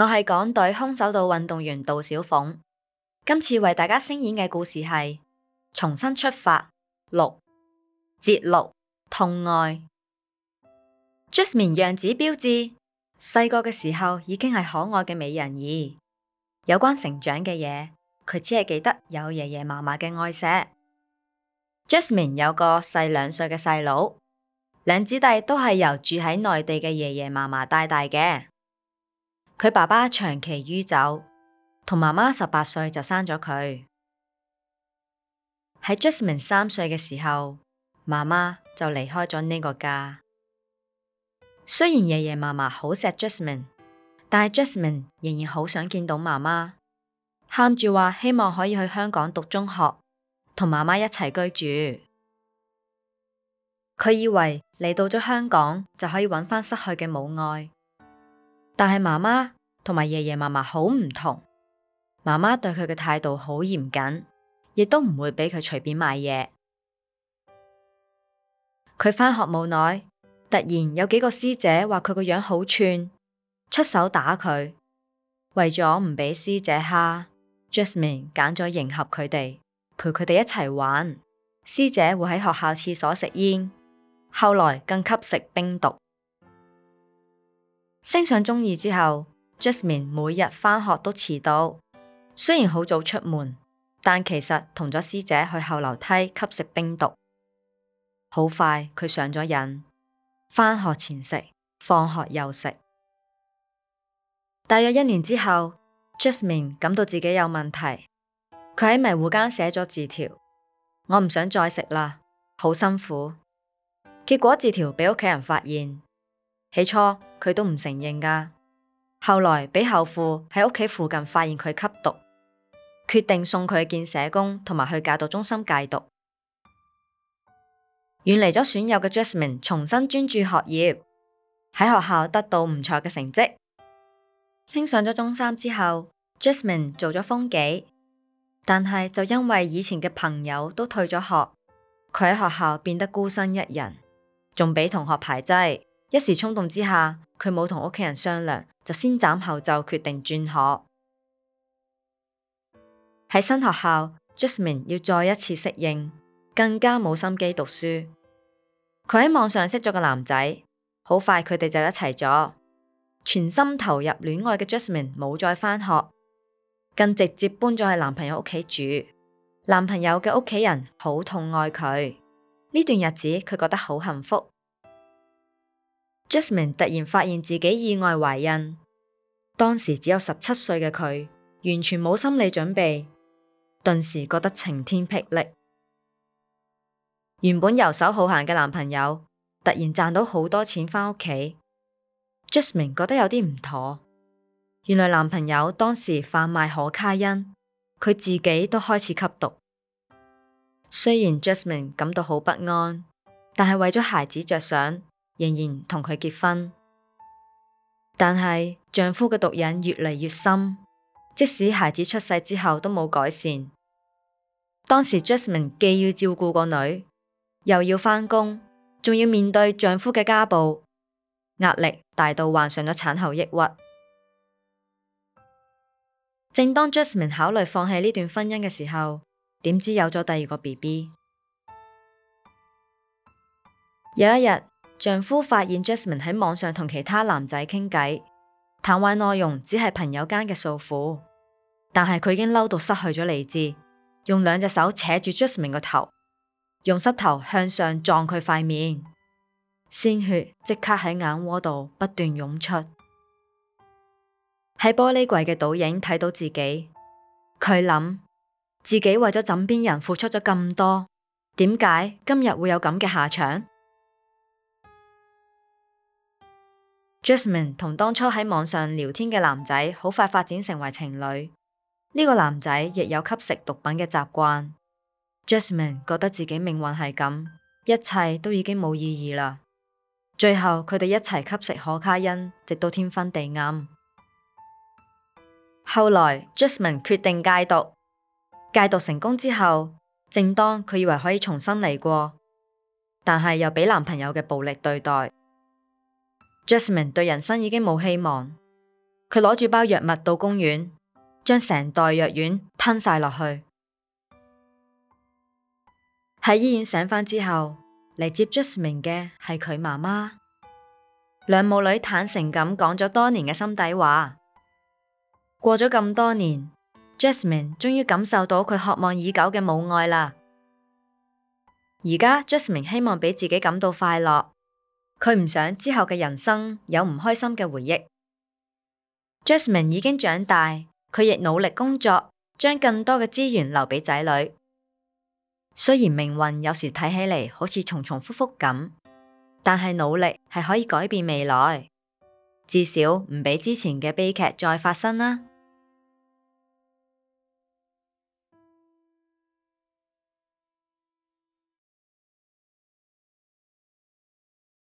我係港隊空手道運動員杜小鳳，今次為大家聲演嘅故事係《重新出發六》節錄。痛愛。Jasmine 樣子標緻，細個嘅時候已經係可愛嘅美人兒。有關成長嘅嘢，佢只係記得有爺爺嫲嫲嘅愛錫。Jasmine 有個細兩歲嘅細佬，兩姊弟都係由住喺內地嘅爺爺嫲嫲帶大嘅。佢爸爸長期酗酒，同媽媽十八歲就生咗佢。喺 Jasmine 三歲嘅時候，媽媽就離開咗呢個家。雖然爺爺嫲嫲好錫 Jasmine，但係 Jasmine 仍然好想見到媽媽，喊住話希望可以去香港讀中學，同媽媽一齊居住。佢以為嚟到咗香港就可以搵返失去嘅母愛。但係媽媽同埋爺爺嫲嫲好唔同，媽媽對佢嘅態度好嚴謹，亦都唔會俾佢隨便買嘢。佢返學冇耐，突然有幾個師姐話佢個樣好串，出手打佢。為咗唔俾師姐蝦，Jasmine 揀咗迎合佢哋，陪佢哋一齊玩。師姐會喺學校廁所食煙，後來更吸食冰毒。升上中二之後，Jasmine 每日返學都遲到。雖然好早出門，但其實同咗師姐去後樓梯吸食冰毒。好快，佢上咗癮，返學前食，放學又食。大約一年之後，Jasmine 感到自己有問題，佢喺迷糊間寫咗字條：我唔想再食啦，好辛苦。結果字條俾屋企人發現，起初，佢都唔承認噶。後來俾後父喺屋企附近發現佢吸毒，決定送佢去見社工同埋去戒毒中心戒毒，遠離咗損友嘅 Jasmine 重新專注學業，喺學校得到唔錯嘅成績。升上咗中三之後，Jasmine 做咗風紀，但係就因為以前嘅朋友都退咗學，佢喺學校變得孤身一人，仲俾同學排擠，一時衝動之下，佢冇同屋企人商量，就先斬後奏決定轉學。喺新學校，Jasmine 要再一次適應，更加冇心機讀書。佢喺網上識咗個男仔，好快佢哋就一齊咗。全心投入戀愛嘅 Jasmine 冇再返學，更直接搬咗去男朋友屋企住。男朋友嘅屋企人好痛愛佢，呢段日子佢覺得好幸福。Jasmine 突然發現自己意外懷孕，當時只有十七歲嘅佢完全冇心理準備，頓時覺得晴天霹靂。原本遊手好閒嘅男朋友突然賺到好多錢返屋企，Jasmine 覺得有啲唔妥。原來男朋友當時販賣可卡因，佢自己都開始吸毒。雖然 Jasmine 感到好不安，但係為咗孩子着想。仍然同佢結婚，但係丈夫嘅毒癮越嚟越深，即使孩子出世之後都冇改善。當時 Jasmine 既要照顧個女，又要返工，仲要面對丈夫嘅家暴，壓力大到患上咗產後抑鬱。正當 Jasmine 考慮放棄呢段婚姻嘅時候，點知有咗第二個 BB。有一日，丈夫發現 Jasmine 喺網上同其他男仔傾偈，談話內容只係朋友間嘅訴苦，但係佢已經嬲到失去咗理智，用兩隻手扯住 Jasmine 個頭，用膝頭向上撞佢塊面，鮮血即刻喺眼窩度不斷湧出，喺玻璃櫃嘅倒影睇到自己，佢諗自己為咗枕邊人付出咗咁多，點解今日會有咁嘅下場？Jasmine 同當初喺網上聊天嘅男仔好快發展成為情侶。呢個男仔亦有吸食毒品嘅習慣。Jasmine 覺得自己命運係咁，一切都已經冇意義啦。最後佢哋一齊吸食可卡因，直到天昏地暗。後來 Jasmine 決定戒毒，戒毒成功之後，正當佢以為可以重新嚟過，但係又俾男朋友嘅暴力對待。Jasmine 對人生已經冇希望，佢攞住包藥物到公園，將成袋藥丸吞晒落去。喺醫院醒返之後，嚟接 Jasmine 嘅係佢媽媽，兩母女坦誠咁講咗多年嘅心底話。過咗咁多年，Jasmine 終於感受到佢渴望已久嘅母愛啦。而家 Jasmine 希望俾自己感到快樂。佢唔想之後嘅人生有唔開心嘅回憶。Jasmine 已經長大，佢亦努力工作，將更多嘅資源留俾仔女。雖然命運有時睇起嚟好似重重複複咁，但係努力係可以改變未來，至少唔俾之前嘅悲劇再發生啦。